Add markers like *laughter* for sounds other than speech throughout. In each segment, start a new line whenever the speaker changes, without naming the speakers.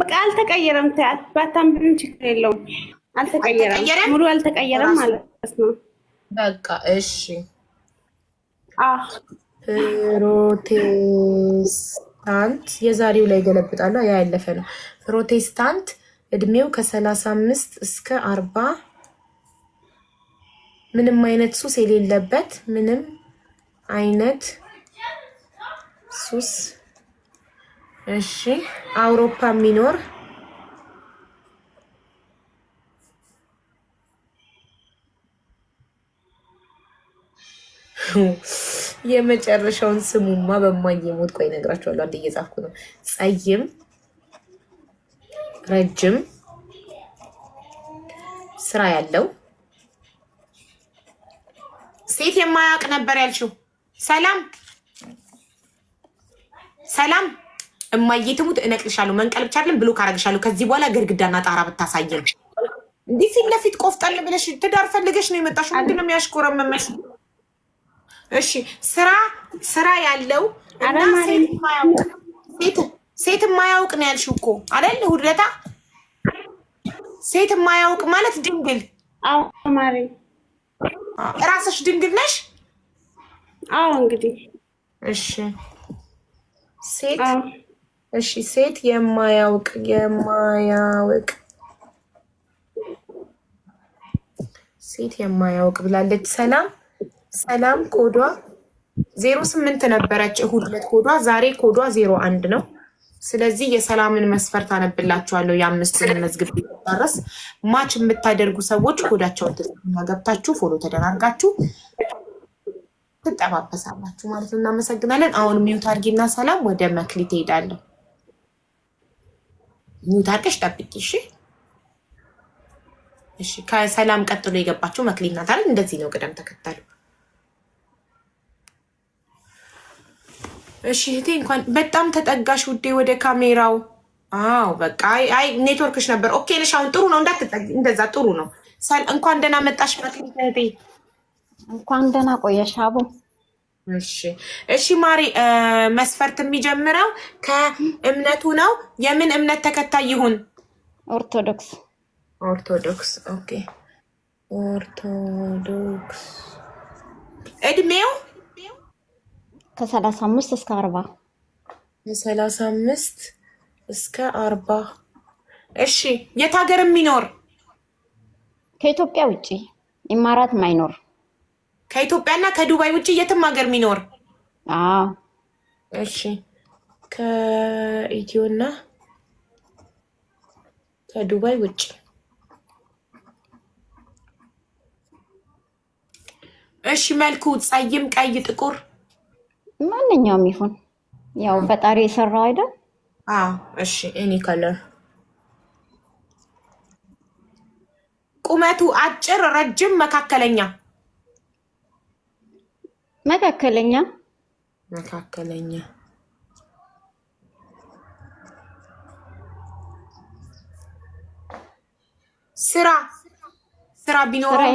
በቃ አልተቀየረም። ታያት ባታንብብም ችግር የለውም። አልተቀየረም፣ ሙሉ አልተቀየረም ማለት ነው።
በቃ እሺ። ፕሮቴስታንት የዛሬው ላይ ገለብጣሉ። ያ ያለፈ ነው። ፕሮቴስታንት እድሜው ከሰላሳ አምስት እስከ አርባ ምንም አይነት ሱስ የሌለበት ምንም አይነት ሱስ እሺ አውሮፓ የሚኖር የመጨረሻውን ስሙማ በማኝ ሞት ቆይ እነግራችኋለሁ። አንድ እየጻፍኩ ነው። ጸይም ረጅም ስራ ያለው ሴት የማያውቅ ነበር ያልችው ሰላም ሰላም እማዬ ትሙት እነቅልሻለሁ፣ መንቀል ብቻ አይደለም ብሎክ አደርግሻለሁ። ከዚህ በኋላ ግድግዳና ጣራ ብታሳየን። እንዲህ ፊት ለፊት ቆፍጠን ብለሽ ትዳር ፈልገሽ ነው የመጣሽው። ምንድን ነው የሚያሽኮረመመሽ? እሺ ስራ ስራ ያለው እና ሴት የማያውቅ ነው ያልሽው እኮ አይደል? ሁለታ ሴት የማያውቅ ማለት ድንግል ማሪ እራስሽ ድንግል ነሽ? አዎ እንግዲህ እሺ ሴት እሺ ሴት የማያውቅ የማያውቅ ሴት የማያውቅ ብላለች። ሰላም ሰላም፣ ኮዷ ዜሮ ስምንት ነበረች እሁድ ዕለት ኮዷ፣ ዛሬ ኮዷ ዜሮ አንድ ነው። ስለዚህ የሰላምን መስፈርት አነብላችኋለሁ። የአምስቱን መዝግብ ጨረስ። ማች የምታደርጉ ሰዎች ኮዳቸውን ተጽፉና ገብታችሁ ፎሎ ተደራርጋችሁ ትጠባበሳላችሁ ማለት ነው። እናመሰግናለን። አሁን ሚዩት አድርጊና ሰላም ወደ መክሊት ትሄዳለሁ። ሚውት አድርገሽ ጠብቂ። እሺ፣ እሺ። ከሰላም ቀጥሎ የገባችው መክሊት ናት አይደል? እንደዚህ ነው ቅደም ተከተሉ። እሺ እህቴ፣ እንኳን በጣም ተጠጋሽ ውዴ፣ ወደ ካሜራው። አዎ በቃ አይ ኔትወርክሽ ነበር። ኦኬ ነሽ አሁን? ጥሩ ነው እንዳትጠጊ፣ እንደዛ ጥሩ ነው። እንኳን ደህና መጣሽ መክሊት እህቴ።
እንኳን ደህና ቆየሽ አቡ
እሺ እሺ ማሪ መስፈርት የሚጀምረው ከእምነቱ ነው። የምን እምነት ተከታይ ይሁን? ኦርቶዶክስ ኦርቶዶክስ። ኦኬ ኦርቶዶክስ። እድሜው
ከሰላሳ አምስት እስከ አርባ
ከሰላሳ አምስት እስከ አርባ እሺ የት ሀገር የሚኖር?
ከኢትዮጵያ ውጭ ኢማራት ማይኖር
ከኢትዮጵያና ከዱባይ ውጭ የትም ሀገር የሚኖር እሺ። ከኢትዮና ከዱባይ ውጭ እሺ። መልኩ ጸይም፣ ቀይ፣ ጥቁር
ማንኛውም ይሁን ያው ፈጣሪ የሰራው አይደል?
እሺ። እኔ ከለር ቁመቱ አጭር፣ ረጅም፣ መካከለኛ
መካከለኛ
መካከለኛ ስራ ስራ ቢኖረው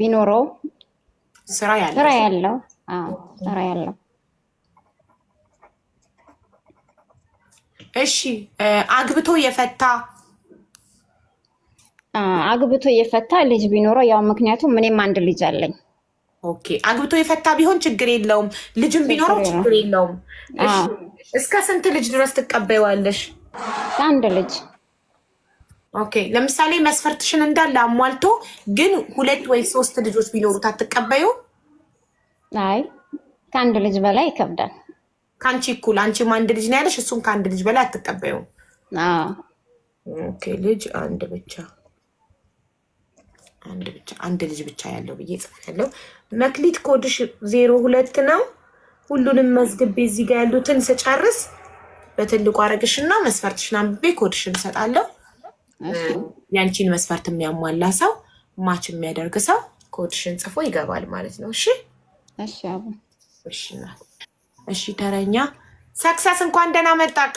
ቢኖረው ስራ ያለው
ስራ ያለው ስራ ያለው።
እሺ አግብቶ የፈታ
አግብቶ የፈታ ልጅ ቢኖረው ያው ምክንያቱም እኔም አንድ ልጅ አለኝ።
ኦኬ አግብቶ የፈታ ቢሆን ችግር የለውም፣ ልጅም ቢኖረው ችግር የለውም። እስከ ስንት ልጅ ድረስ ትቀበይዋለሽ? አንድ ልጅ። ኦኬ ለምሳሌ መስፈርትሽን እንዳለ አሟልቶ ግን ሁለት ወይ ሶስት ልጆች ቢኖሩት አትቀበዩ?
አይ ከአንድ ልጅ በላይ ይከብዳል።
ከአንቺ እኩል አንቺም አንድ ልጅ ነው ያለሽ፣ እሱም ከአንድ ልጅ በላይ አትቀበዩም። ልጅ አንድ ብቻ አንድ ብቻ አንድ ልጅ ብቻ ያለው ብዬ ጽፍ መክሊት ኮድሽ ዜሮ ሁለት ነው። ሁሉንም መዝግቤ እዚህ ጋር ያሉትን ስጨርስ በትልቁ አረግሽና መስፈርትሽን አንብቤ ኮድሽን እሰጣለሁ። ያንቺን መስፈርት የሚያሟላ ሰው ማች የሚያደርግ ሰው ኮድሽን ጽፎ ይገባል ማለት ነው። እሺ እሺ፣ አቡ እሺ፣ እሺ። ተረኛ ሰክሰስ፣ እንኳን ደህና መጣክ።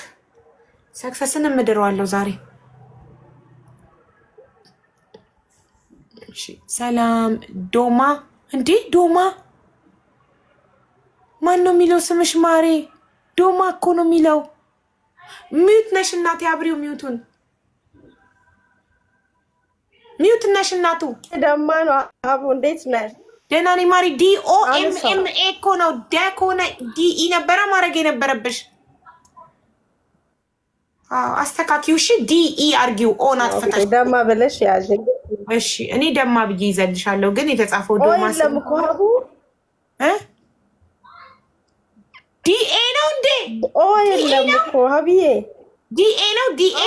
ሰክሰስን እምድረዋለሁ ዛሬ እሺ ሰላም ዶማ። እንዴ ዶማ ማን ነው የሚለው ስምሽ? ማሬ ዶማ እኮ ነው የሚለው። ሚዩት ነሽ እናቴ፣ አብሪው ሚዩቱን። ሚዩት ነሽ እናቱ።
ደማ ነው አቡ። እንዴት ነ
ደህና ነኝ ማሪ። ዲኦ ኤ እኮ ነው ደ ከሆነ ዲኢ ነበረ ማድረግ የነበረብሽ አስተካኪው። እሺ ዲኢ አርጊው ኦን አጥፍተሽ
ደማ ብለሽ ያዥ።
እሺ እኔ ደማ ብዬ ይዘልሻለሁ፣ ግን የተጻፈው ደማ
ስለምኮሩ
ዲኤ ነው እንዴ?
ኦ የለም እኮ ሀብዬ
ዲኤ ነው ዲኤ።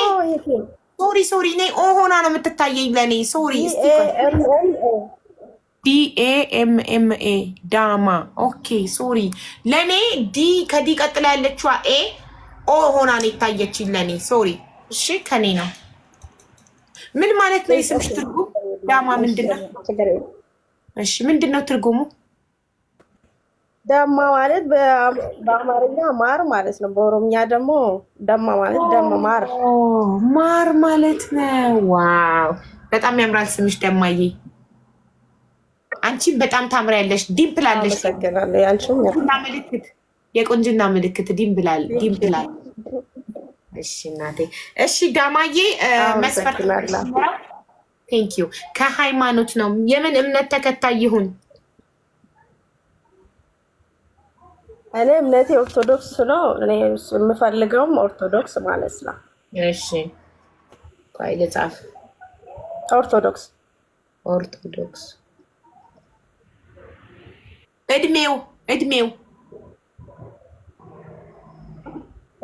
ሶሪ ሶሪ፣ እኔ ኦ ሆና ነው የምትታየኝ ለእኔ። ሶሪ ዲኤኤምኤምኤ ዳማ። ኦኬ ሶሪ፣ ለእኔ ዲ ከዲ ቀጥላ ያለችዋ ኤ ኦ ሆናን የታየች ለኔ ሶሪ። እሺ ከኔ ነው። ምን ማለት ነው የስምሽ ትርጉም? ዳማ ምንድነው? እሺ ነው ትርጉሙ?
ዳማ ማለት በአማርኛ ማር ማለት ነው። በኦሮምኛ ደግሞ ዳማ ማለት ደማ ማር
ማር ማለት ነው። ዋው በጣም ያምራል ስምሽ ደማዬ። አንቺ በጣም ታምሪያለሽ። ዲምፕላለሽ።
ያንቺ ምልክት
የቁንጅና ምልክት ድንብላል ድንብላል። እሺ እናቴ። እሺ ጋማዬ፣ መስፈርት ቴንክ ዩ። ከሃይማኖት ነው። የምን እምነት ተከታይ ይሁን?
እኔ እምነቴ ኦርቶዶክስ ነው። እኔ የምፈልገውም ኦርቶዶክስ ማለት ነው።
እሺ ቆይ ልጻፍ። ኦርቶዶክስ ኦርቶዶክስ። እድሜው እድሜው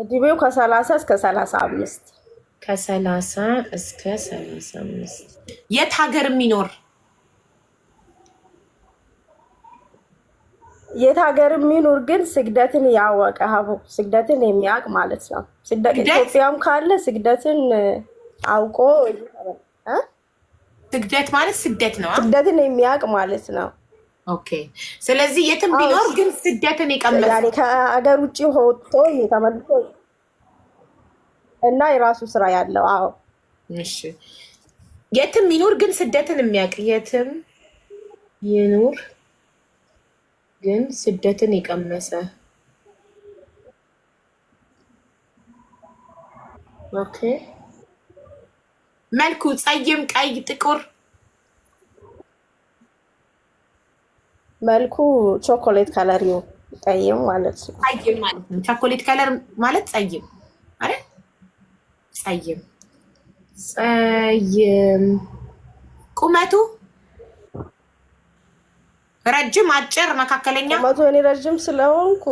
እድሜው ከሰላሳ እስከ ሰላሳ አምስት
ከሰላሳ እስከ ሰላሳ አምስት የት ሀገር የሚኖር
የት ሀገር የሚኖር ግን ስግደትን ያወቀ ሀቡ ስግደትን የሚያውቅ ማለት ነው። ኢትዮጵያም ካለ ስግደትን አውቆ
ስግደት ማለት ስደት ነው።
ስግደትን የሚያውቅ ማለት ነው።
ስለዚህ የትም ቢኖር ግን ስደትን የቀመሰ
ከሀገር ውጭ ወጥቶ ተመልሶ እና የራሱ ስራ ያለው አዎ
የትም ይኑር ግን ስደትን የሚያውቅ የትም ይኑር ግን ስደትን የቀመሰ መልኩ ፀይም ቀይ ጥቁር
መልኩ ቾኮሌት ከለር ጠይም ማለት ነው።
ጠይም ማለት ነው። ቾኮሌት ከለር ማለት ጠይም አይደል? ጠይም ጠይም። ቁመቱ ረጅም፣ አጭር፣ መካከለኛ።
ቁመቱ እኔ ረጅም ስለሆንኩ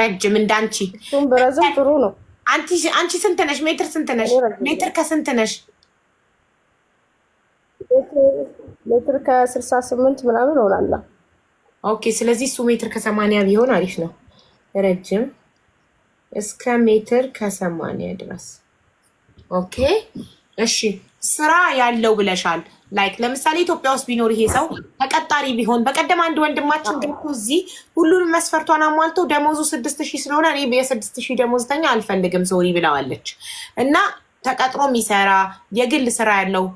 ረጅም እንዳንቺ
እሱም ብረዝም ጥሩ ነው።
አንቺ ስንት ነሽ? ሜትር ስንት ነሽ? ሜትር ከስንት ነሽ?
ሜትር ከስልሳ ስምንት ምናምን ሆናላ
ኦኬ። ስለዚህ እሱ ሜትር ከሰማንያ ቢሆን አሪፍ ነው። ረጅም እስከ ሜትር ከሰማንያ ድረስ ኦኬ። እሺ ስራ ያለው ብለሻል። ላይክ ለምሳሌ ኢትዮጵያ ውስጥ ቢኖር ይሄ ሰው ተቀጣሪ ቢሆን። በቀደም አንድ ወንድማችን ገብቶ እዚህ ሁሉንም መስፈርቷን አሟልቶ ደሞዙ ስድስት ሺህ ስለሆነ እኔ የስድስት ሺህ ደሞዝተኛ አልፈልግም ሶሪ ብለዋለች። እና ተቀጥሮ የሚሰራ የግል ስራ ያለው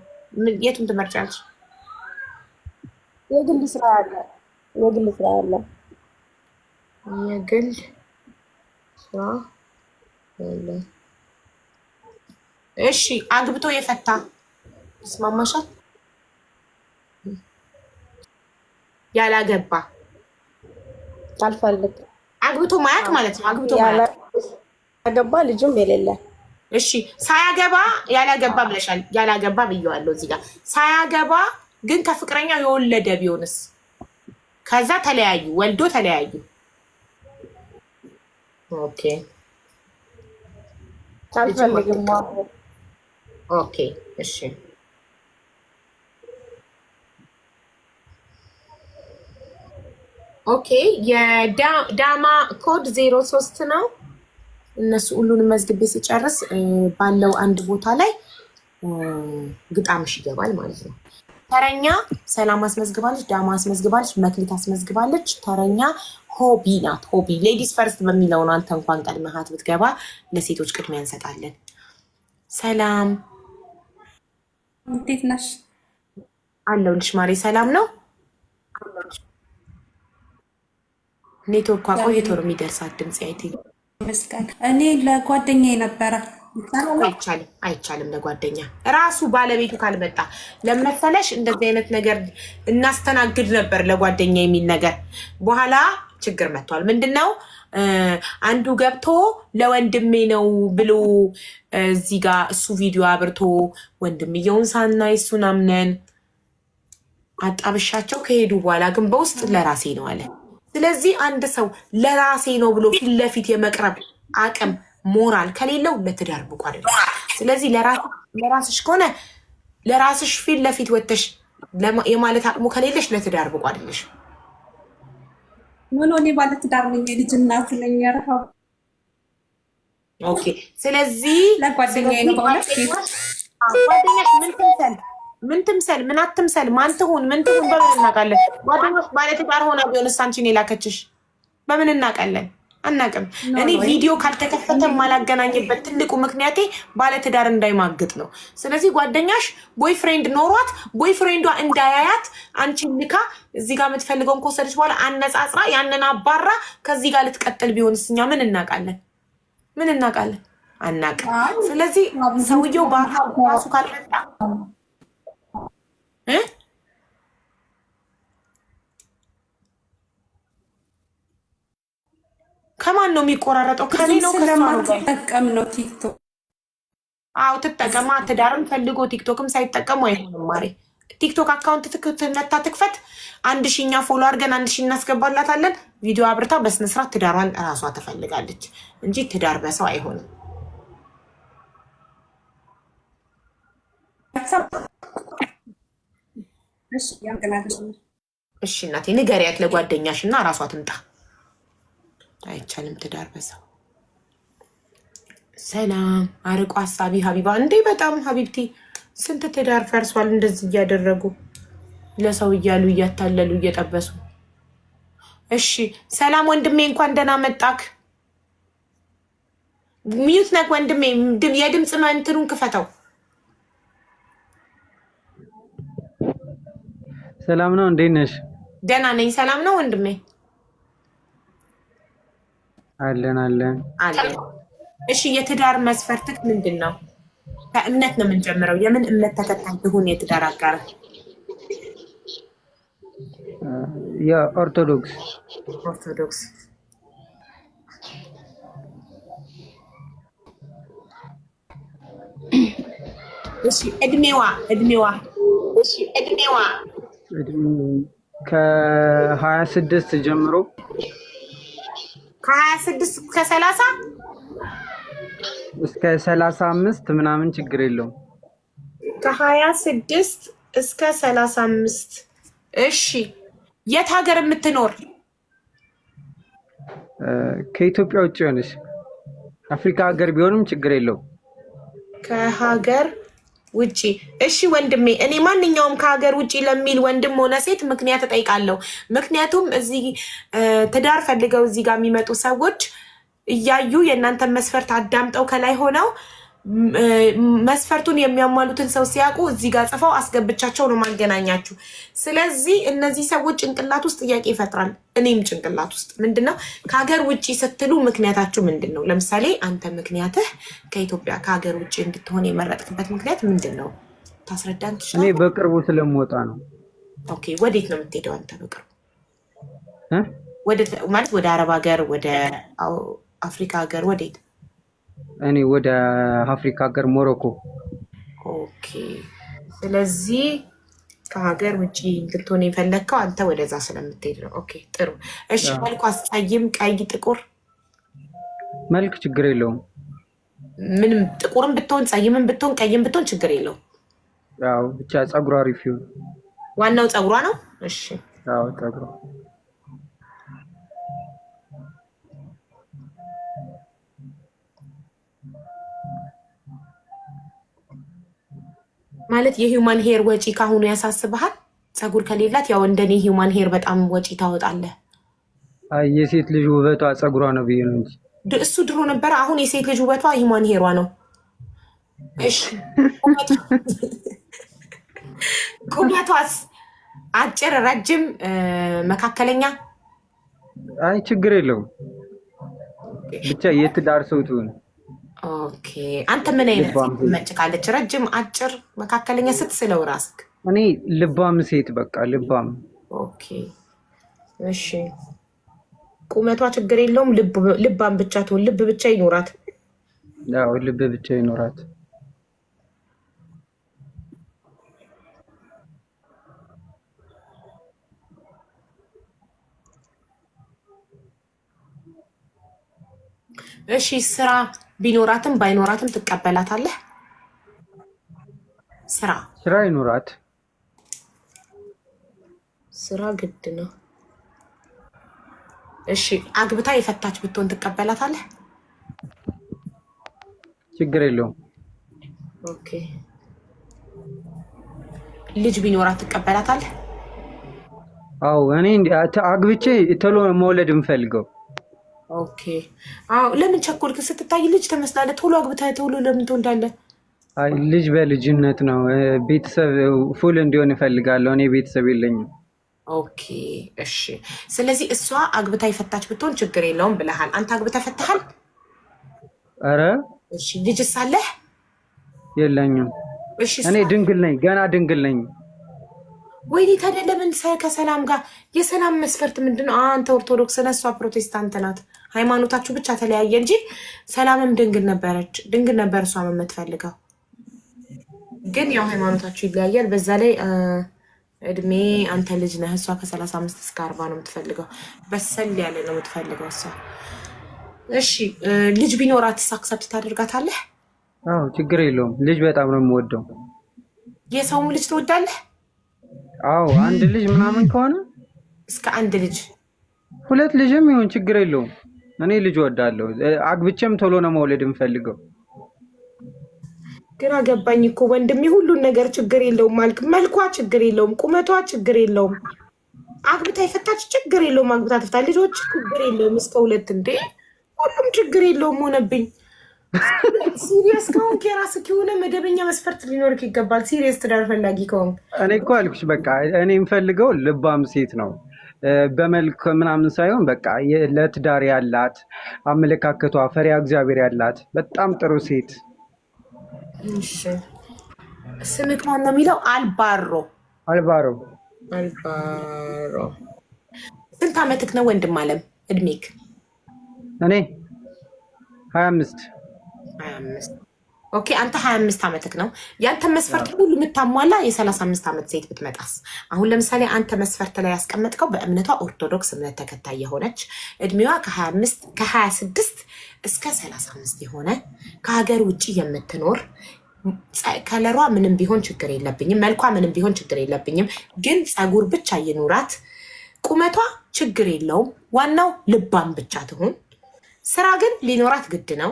የቱን ትመርጫለች?
የግል ስራ ያለው የግል ስራ አለ።
የግል ስራ አለ። እሺ፣ አግብቶ የፈታ ይስማማሻል? ያላገባ አልፈልግ አግብቶ ማያት ማለት ነው። አግብቶ ማያት
ያላገባ ልጅም የሌለ
እሺ ሳያገባ ያላገባ ብለሻል። ያላገባ ብየዋለሁ እዚህ ጋር ሳያገባ ግን ከፍቅረኛው የወለደ ቢሆንስ? ከዛ ተለያዩ፣ ወልዶ ተለያዩ። ኦኬ ኦኬ እሺ ኦኬ የዳማ ኮድ ዜሮ ሶስት ነው። እነሱ ሁሉንም መዝግቤ ሲጨርስ ባለው አንድ ቦታ ላይ ግጣምሽ ይገባል ማለት ነው። ተረኛ ሰላም አስመዝግባለች፣ ዳማ አስመዝግባለች፣ መክሊት አስመዝግባለች። ተረኛ ሆቢ ናት። ሆቢ ሌዲስ ፈርስት በሚለው ነው። አንተ እንኳን ቀድመሃት ብትገባ ለሴቶች ቅድሚያ እንሰጣለን። ሰላም እንዴት ነሽ? አለሁልሽ ማሬ። ሰላም ነው። ኔትወርኳ ቆይቶ ነው የሚደርሳት ድምፅ። አይ
እኔ ለጓደኛ ነበረ
አይቻልም፣ አይቻልም። ለጓደኛ ራሱ ባለቤቱ ካልመጣ ለመሰለሽ እንደዚህ አይነት ነገር እናስተናግድ ነበር። ለጓደኛ የሚል ነገር በኋላ ችግር መጥቷል። ምንድን ነው አንዱ ገብቶ ለወንድሜ ነው ብሎ እዚህ ጋር እሱ ቪዲዮ አብርቶ ወንድምየውን ሳናይ እሱን አምነን አጣብሻቸው ከሄዱ በኋላ ግን በውስጥ ለራሴ ነው አለ። ስለዚህ አንድ ሰው ለራሴ ነው ብሎ ፊት ለፊት የመቅረብ አቅም ሞራል ከሌለው ለትዳር ብቁ አይደለም። ስለዚህ ለራስሽ ከሆነ ለራስሽ ፊት ለፊት ወጥተሽ የማለት አቅሙ ከሌለሽ ለትዳር ብቁ አይደለሽ።
ምን ሆኔ ባለ ትዳር ነኝ፣ የልጅ እናት ነኝ። ያረፋው
ኦኬ። ስለዚህ
ለጓደኛዬ ምን
ትምሰል ምን ትምሰል ምን አትምሰል ማን ትሁን ምን ትሁን በምን እናውቃለን? ጓደኞች ባለትዳር ሆና ቢሆን እሳንችን የላከችሽ በምን እናውቃለን? አናቅም። እኔ ቪዲዮ ካልተከፈተ ማላገናኝበት ትልቁ ምክንያቴ ባለትዳር እንዳይማግጥ ነው። ስለዚህ ጓደኛሽ ቦይፍሬንድ ኖሯት ቦይፍሬንዷ እንዳያያት አንቺን ልካ እዚህ ጋር የምትፈልገውን ከወሰደች በኋላ አነጻጽራ ያንን አባራ ከዚህ ጋር ልትቀጥል ቢሆንስ እኛ ምን እናቃለን? ምን እናቃለን? አናቅም። ስለዚህ ሰውየው በአካል ራሱ ካልመጣ ከማን ነው የሚቆራረጠው? ከኔ ነው
ከማጠቀም ነው ቲክቶክ።
አው ትጠቀማ። ትዳርም ፈልጎ ቲክቶክም ሳይጠቀሙ አይሆንም። ማሬ ቲክቶክ አካውንት ትነታ ትክፈት። አንድ ሺኛ ፎሎ አድርገን አንድ ሺ እናስገባላታለን። ቪዲዮ አብርታ በስነስርዓት ትዳሯን ራሷ ትፈልጋለች እንጂ ትዳር በሰው አይሆንም። እሺ እናቴ ንገሪያት ለጓደኛሽ እና ራሷ ትምጣ። አይቻልም ትዳር በሰው ሰላም አርቆ ሀሳቢ ሀቢባ እንዴ በጣም ሀቢብቲ ስንት ትዳር ፈርሷል እንደዚህ እያደረጉ ለሰው እያሉ እያታለሉ እየጠበሱ እሺ ሰላም ወንድሜ እንኳን ደህና መጣክ ሚዩት ነክ ወንድሜ የድምፅ መንትኑን ክፈተው
ሰላም ነው እንዴት ነሽ
ደህና ነኝ ሰላም ነው ወንድሜ
አለን አለን
እሺ የትዳር መስፈርትክ ምንድን ነው? ከእምነት ነው የምንጀምረው። የምን እምነት ተከታይ ትሁን የትዳር አጋር?
የኦርቶዶክስ
ኦርቶዶክስ። እሺ እድሜዋ እድሜዋ እሺ እድሜዋ
ከሀያ ስድስት ጀምሮ
ከሀያ ስድስት እስከ ሰላሳ
እስከ ሰላሳ አምስት ምናምን ችግር የለውም።
ከሀያ ስድስት እስከ ሰላሳ አምስት እሺ። የት ሀገር የምትኖር?
ከኢትዮጵያ ውጭ የሆነች አፍሪካ ሀገር ቢሆንም ችግር የለውም።
ከሀገር ውጪ እሺ ወንድሜ፣ እኔ ማንኛውም ከሀገር ውጪ ለሚል ወንድም ሆነ ሴት ምክንያት እጠይቃለሁ። ምክንያቱም እዚህ ትዳር ፈልገው እዚህ ጋር የሚመጡ ሰዎች እያዩ የእናንተን መስፈርት አዳምጠው ከላይ ሆነው መስፈርቱን የሚያሟሉትን ሰው ሲያውቁ እዚህ ጋር ጽፈው አስገብቻቸው ነው ማገናኛችሁ። ስለዚህ እነዚህ ሰዎች ጭንቅላት ውስጥ ጥያቄ ይፈጥራል። እኔም ጭንቅላት ውስጥ ምንድን ነው ከሀገር ውጭ ስትሉ ምክንያታችሁ ምንድን ነው? ለምሳሌ አንተ ምክንያትህ ከኢትዮጵያ ከሀገር ውጭ እንድትሆን የመረጥክበት ምክንያት ምንድን ነው? ታስረዳን ትችላለህ?
እኔ በቅርቡ ስለምወጣ ነው።
ኦኬ፣ ወዴት ነው የምትሄደው አንተ በቅርቡ? ማለት ወደ አረብ ሀገር፣ ወደ አፍሪካ ሀገር፣ ወዴት
እኔ ወደ አፍሪካ ሀገር ሞሮኮ።
ኦኬ። ስለዚህ ከሀገር ውጭ ልትሆን የፈለግከው አንተ ወደዛ ስለምትሄድ ነው። ኦኬ፣ ጥሩ። እሺ፣ መልኩ አስጠይም፣ ቀይ፣ ጥቁር
መልክ ችግር የለውም።
ምንም ጥቁርም ብትሆን ፀይምም ብትሆን ቀይም ብትሆን ችግር የለውም።
ብቻ ፀጉሯ አሪፍ ይሁን።
ዋናው ፀጉሯ ነው። እሺ፣ ፀጉሯ ማለት የሂውማን ሄር ወጪ ካሁኑ ያሳስብሃል? ፀጉር ከሌላት ያው እንደኔ ሂውማን ሄር በጣም ወጪ ታወጣለህ።
የሴት ልጅ ውበቷ ፀጉሯ ነው ብዬ ነው እንጂ
እሱ ድሮ ነበረ። አሁን የሴት ልጅ ውበቷ ሂውማን ሄሯ ነው። እሺ *laughs* ቁመቷስ? አጭር፣ ረጅም፣ መካከለኛ?
አይ ችግር የለውም ብቻ የትዳር ሰው ትሆን
ኦኬ አንተ ምን አይነት መጭካለች? ረጅም፣ አጭር፣ መካከለኛ? ስትስለው ራስክ
እኔ ልባም ሴት በቃ ልባም።
ኦኬ እሺ። ቁመቷ ችግር የለውም። ልባም ብቻ ትሆን፣ ልብ ብቻ ይኖራት።
ያው ልብ ብቻ ይኖራት።
እሺ ስራ ቢኖራትም ባይኖራትም ትቀበላታለህ? ስራ
ስራ ይኖራት
ስራ ግድ ነው። እሺ አግብታ የፈታች ብትሆን ትቀበላታለህ? ችግር የለውም። ኦኬ ልጅ ቢኖራት ትቀበላታለህ?
አዎ እኔ አግብቼ ቶሎ መውለድ የምፈልገው
ኦኬ አዎ። ለምን ቸኮልክ? ስትታይ ልጅ ትመስላለህ። ቶሎ አግብተህ ቶሎ ለምን ትወልዳለህ?
ልጅ በልጅነት ነው። ቤተሰብ ፉል እንዲሆን እፈልጋለሁ። እኔ ቤተሰብ የለኝም።
ኦኬ እሺ። ስለዚህ እሷ አግብታ የፈታች ብትሆን ችግር የለውም ብለሃል። አንተ አግብታ ፈታሃል? ኧረ እሺ። ልጅ ሳለህ
የለኝም። እኔ ድንግል ነኝ፣ ገና ድንግል ነኝ።
ወይኔ ታዲያ ለምን ከሰላም ጋር የሰላም መስፈርት ምንድን ነው? አንተ ኦርቶዶክስ ነህ፣ እሷ ፕሮቴስታንት ናት። ሃይማኖታችሁ ብቻ ተለያየ እንጂ ሰላምም ድንግል ነበረች። ድንግል ነበር እሷም የምትፈልገው ግን ያው ሃይማኖታችሁ ይለያያል። በዛ ላይ እድሜ አንተ ልጅ ነህ፣ እሷ ከሰላሳ አምስት እስከ አርባ ነው የምትፈልገው። በሰል ያለ ነው የምትፈልገው እሷ። እሺ ልጅ ቢኖራት አክሰፕት ታደርጋታለህ?
አዎ ችግር የለውም። ልጅ በጣም ነው የምወደው።
የሰውም ልጅ ትወዳለህ?
አዎ አንድ ልጅ ምናምን ከሆነ
እስከ አንድ ልጅ
ሁለት ልጅም ይሁን ችግር የለውም። እኔ ልጅ ወዳለሁ። አግብቼም ቶሎ ነው መውለድ የምፈልገው።
ግራ ገባኝ እኮ ወንድሜ። ሁሉን ነገር ችግር የለውም ማልክ መልኳ ችግር የለውም ቁመቷ ችግር የለውም አግብታ የፈታች ችግር የለውም አግብታ ትፍታ። ልጆች ችግር የለውም እስከ ሁለት እንዴ ሁሉም ችግር የለውም ሆነብኝ። ሲሪየስ ከሆንክ የራስህ ከሆነ መደበኛ መስፈርት ሊኖርክ ይገባል። ሲሪየስ ትዳር ፈላጊ ከሆንክ
እኔ እኮ አልኩሽ በቃ እኔ የምፈልገው ልባም ሴት ነው። በመልክ ምናምን ሳይሆን በቃ ለትዳር ያላት አመለካከቷ ፈሪያ እግዚአብሔር ያላት በጣም ጥሩ ሴት።
ስምክ ማን ነው የሚለው? አልባሮ አልባሮ አልባሮ። ስንት አመትክ ነው ወንድም አለም እድሜክ?
እኔ ሀያ አምስት
ሀያ አምስት ኦኬ አንተ ሀያ አምስት ዓመትህ ነው። ያንተ መስፈርት ሁሉ የምታሟላ የሰላሳ አምስት ዓመት ሴት ብትመጣስ? አሁን ለምሳሌ አንተ መስፈርት ላይ ያስቀመጥከው በእምነቷ ኦርቶዶክስ እምነት ተከታይ የሆነች እድሜዋ ከሀያ ስድስት እስከ ሰላሳ አምስት የሆነ ከሀገር ውጭ የምትኖር ከለሯ ምንም ቢሆን ችግር የለብኝም፣ መልኳ ምንም ቢሆን ችግር የለብኝም፣ ግን ፀጉር ብቻ ይኑራት፣ ቁመቷ ችግር የለውም፣ ዋናው ልባም ብቻ ትሁን፣ ስራ ግን ሊኖራት ግድ ነው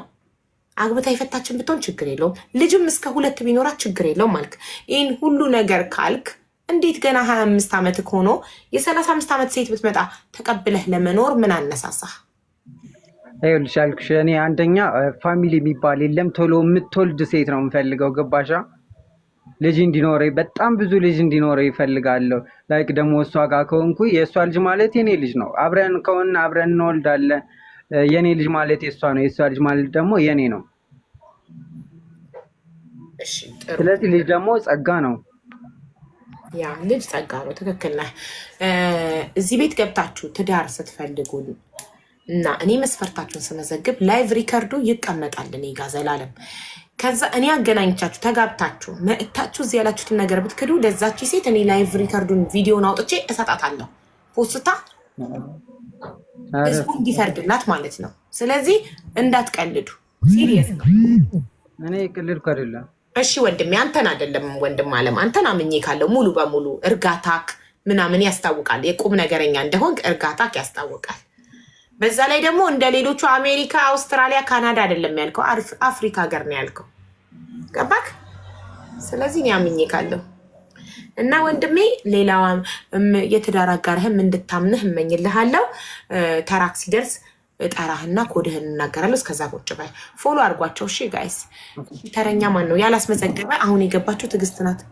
አግብታ የፈታችን ብትሆን ችግር የለውም። ልጅም እስከ ሁለት ቢኖራት ችግር የለውም አልክ። ይህን ሁሉ ነገር ካልክ እንዴት ገና ሀያ አምስት ዓመት ከሆኖ የሰላሳ አምስት ዓመት ሴት ብትመጣ ተቀብለህ ለመኖር ምን አነሳሳህ?
ይኸውልሽ ያልኩሽ እኔ አንደኛ ፋሚሊ የሚባል የለም። ቶሎ የምትወልድ ሴት ነው የምፈልገው። ገባሻ? ልጅ እንዲኖረ በጣም ብዙ ልጅ እንዲኖረ ይፈልጋለሁ። ላይክ ደግሞ እሷ ጋር ከሆንኩ የእሷ ልጅ ማለት የኔ ልጅ ነው። አብረን ከሆን አብረን እንወልዳለን የኔ ልጅ ማለት የእሷ ነው፣ የእሷ ልጅ ማለት ደግሞ የኔ ነው። ስለዚህ ልጅ ደግሞ ጸጋ ነው።
ያ ልጅ ጸጋ ነው። ትክክል ነህ። እዚህ ቤት ገብታችሁ ትዳር ስትፈልጉ እና እኔ መስፈርታችሁን ስመዘግብ ላይቭ ሪከርዱ ይቀመጣል እኔ ጋ ዘላለም። ከዛ እኔ አገናኝቻችሁ ተጋብታችሁ መእታችሁ እዚህ ያላችሁትን ነገር ብትክዱ ለዛች ሴት እኔ ላይቭ ሪከርዱን ቪዲዮን አውጥቼ እሰጣታለሁ ፖስታ ህዝቡ እንዲፈርድላት ማለት ነው። ስለዚህ እንዳትቀልዱ፣ ሲሪየስ ነው።
እኔ ቅልድኩ አይደለም።
እሺ ወንድሜ፣ አንተን አይደለም ወንድም አለም አንተን አምኜ ካለው ሙሉ በሙሉ እርጋታክ ምናምን ያስታውቃል። የቁም ነገረኛ እንደሆን እርጋታክ ያስታውቃል። በዛ ላይ ደግሞ እንደ ሌሎቹ አሜሪካ፣ አውስትራሊያ፣ ካናዳ አይደለም ያልከው፣ አፍሪካ ሀገር ነው ያልከው። ገባክ? ስለዚህ እኔ አምኜ ካለው እና ወንድሜ ሌላዋ የትዳር አጋርህም እንድታምንህ እመኝልሃለሁ። ተራክ ሲደርስ ጠራህና ኮድህን እናገራለሁ። እስከዛ ቁጭ በል። ፎሎ አድርጓቸው እሺ ጋይስ። ተረኛ ማን ነው ያላስመዘገበ? አሁን የገባችው ትዕግስት ናት።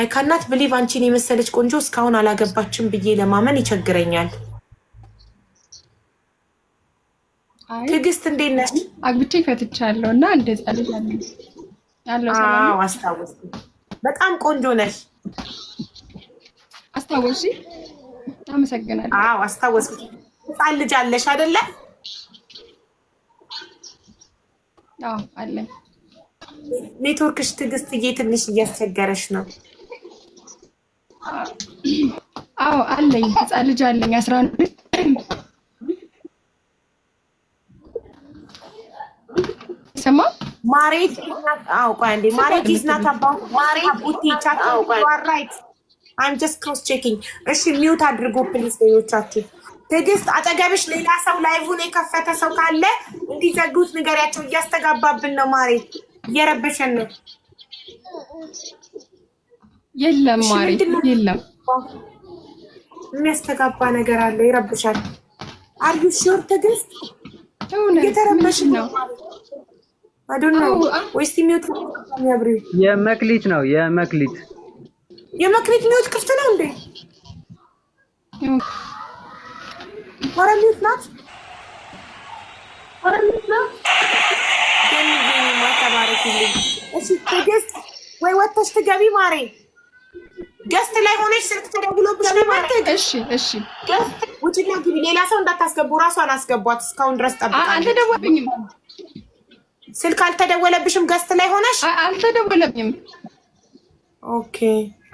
አይካናት ብሊቭ አንቺን የመሰለች ቆንጆ እስካሁን አላገባችም ብዬ ለማመን ይቸግረኛል። ትዕግስት እንዴት
አግብቼ ፈትቻለሁ እና እንደዚህ
አስታወስ። በጣም ቆንጆ ነሽ።
አስታወሽ። አመሰግናለሁ።
አስታወስ። ህፃን ልጅ አለሽ አይደለ? አለን። ኔትወርክሽ ትዕግስትዬ ትንሽ እያስቸገረሽ ነው።
አዎ አለኝ፣ ህፃን ልጅ አለኝ አስራ አንድ
ማሬጅ እሺ፣ ሚውት አድርጎ ፕሊስ። ሌሎቻችሁ ትዕግስት፣ አጠገብሽ ሌላ ሰው ላይቡን የከፈተ ሰው ካለ እንዲዘጉት ንገሪያቸው። እያስተጋባብን ነው። ማሬ እየረበሸን ነው።
የለም ማሬ፣ የለም
የሚያስተጋባ ነገር አለ። ይረብሻል። አርዩ ሹር ትዕግስት፣ እየተረበሽ ነው
የመክሊት ነው። የመክሊት
የመክሊት ሚውት ክፍት ነው እንዴ? ኧረ ናት። ወይ ወተሽ ትገቢ ማሬ። ገስት ላይ ሆነሽ ስልክ ተደውሎብሽ ማለት እሺ፣ እሺ፣ ውጭና ግቢ። ሌላ ሰው እንዳታስገቡ፣ እራሷን አስገቧት። እስካሁን
ድረስ ጠብቃለሁ። አልተደወለብኝም
ስልክ አልተደወለብሽም? ገስት ላይ ሆነሽ
አልተደወለብኝም። ኦኬ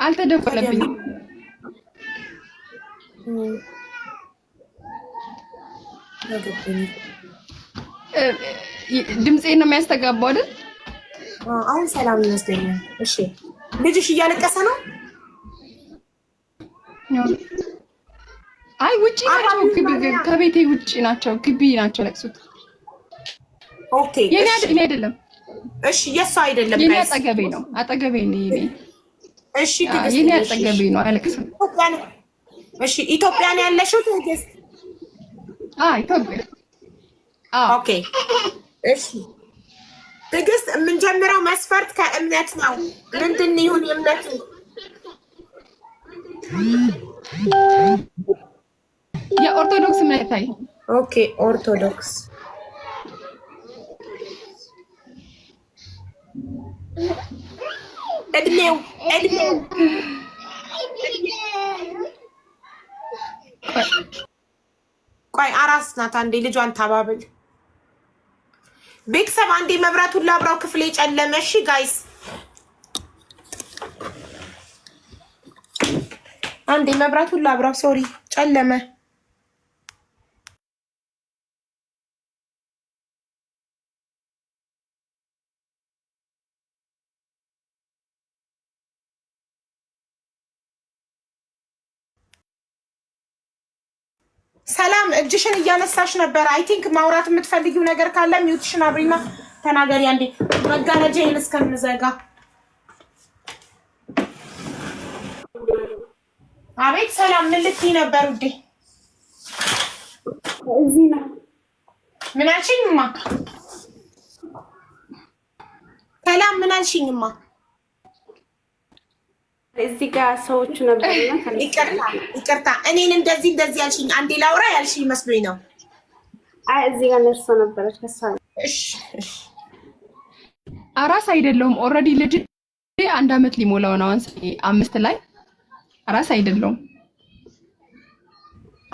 አልተደወለብኝም። ድምፄን ነው የሚያስተጋባው አይደል?
አሁን ሰላም ይመስለኛል። እሺ ልጅሽ እያለቀሰ ነው?
አይ ውጪ ናቸው፣ ግቢ ከቤቴ ውጪ ናቸው፣ ግቢ ናቸው ለቅሱት ኦኬ የኔ አይደለም።
እሺ የሱ አይደለም።
የኔ አጠገቤ ነው፣ አጠገቤ ነው የኔ። እሺ የኔ አጠገቤ ነው።
እሺ ኢትዮጵያ ነው ያለሽው ትዕግስት? አዎ ኢትዮጵያ። ኦኬ። እሺ ትዕግስት፣ የምንጀምረው መስፈርት ከእምነት ነው። ምንድን ይሁን
የኦርቶዶክስ እምነት አይ
ኦኬ ኦርቶዶክስ እድሜው እድሜው ቆይ አራስ ናት። አንዴ ልጇን ታባብል ቤተሰብ አንዴ መብራቱን ላብራው ክፍል የጨለመ እሺ ጋይስ አንዴ መብራቱን ላብራው ሶሪ ጨለመ ሰላም እጅሽን እያነሳሽ ነበር። አይ ቲንክ ማውራት የምትፈልጊው ነገር ካለ ሚውትሽን አብሪና ተናገሪ። አንዴ ይህን እስከምንዘጋ። አቤት ሰላም፣ ምን ልትይ ነበር ውዴ? እዚህ ነው ምን አልሽኝማ? ሰላም ምን አልሽኝማ?
እዚህ ጋር ሰዎቹ ነበር።
ይቅርታ እኔን እንደዚህ እንደዚህ ያልሽኝ አንዴ ላውራ ያልሽኝ መስሎኝ ነው።
አይ እዚህ ጋር ነርሶ ነበረች። ከሳ አራስ አይደለሁም። ኦልሬዲ ልጅ አንድ አመት ሊሞላው ነው። አምስት ላይ አራስ አይደለሁም።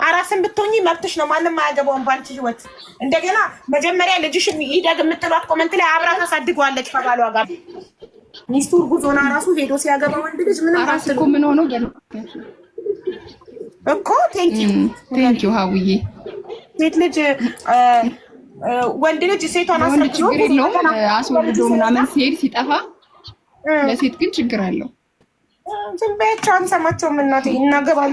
አራስን ብትሆኚ መብትሽ ነው። ማንም አያገባውም ባንቺ ህይወት። እንደገና መጀመሪያ ልጅሽ ይደግ የምትሏት ኮመንት ላይ አብራ ታሳድገዋለች ከባሏ ጋር ሚስቱ እርጉዝ ሆና ራሱ ሄዶ ሲያገባ
ወንድ ልጅ ምንም አራት እኮ ምን ሆኖ
እኮ ቴንኪ
ቴንኪዩ ሀውዬ
ሴት ልጅ ወንድ ልጅ ሴቷን
አስረጅ ችግር የለውም አስወልዶ ምናምን ሲሄድ ሲጠፋ ለሴት ግን ችግር አለው
ዝም በያቸው አንሰማቸውም እናቴ እናገባሉ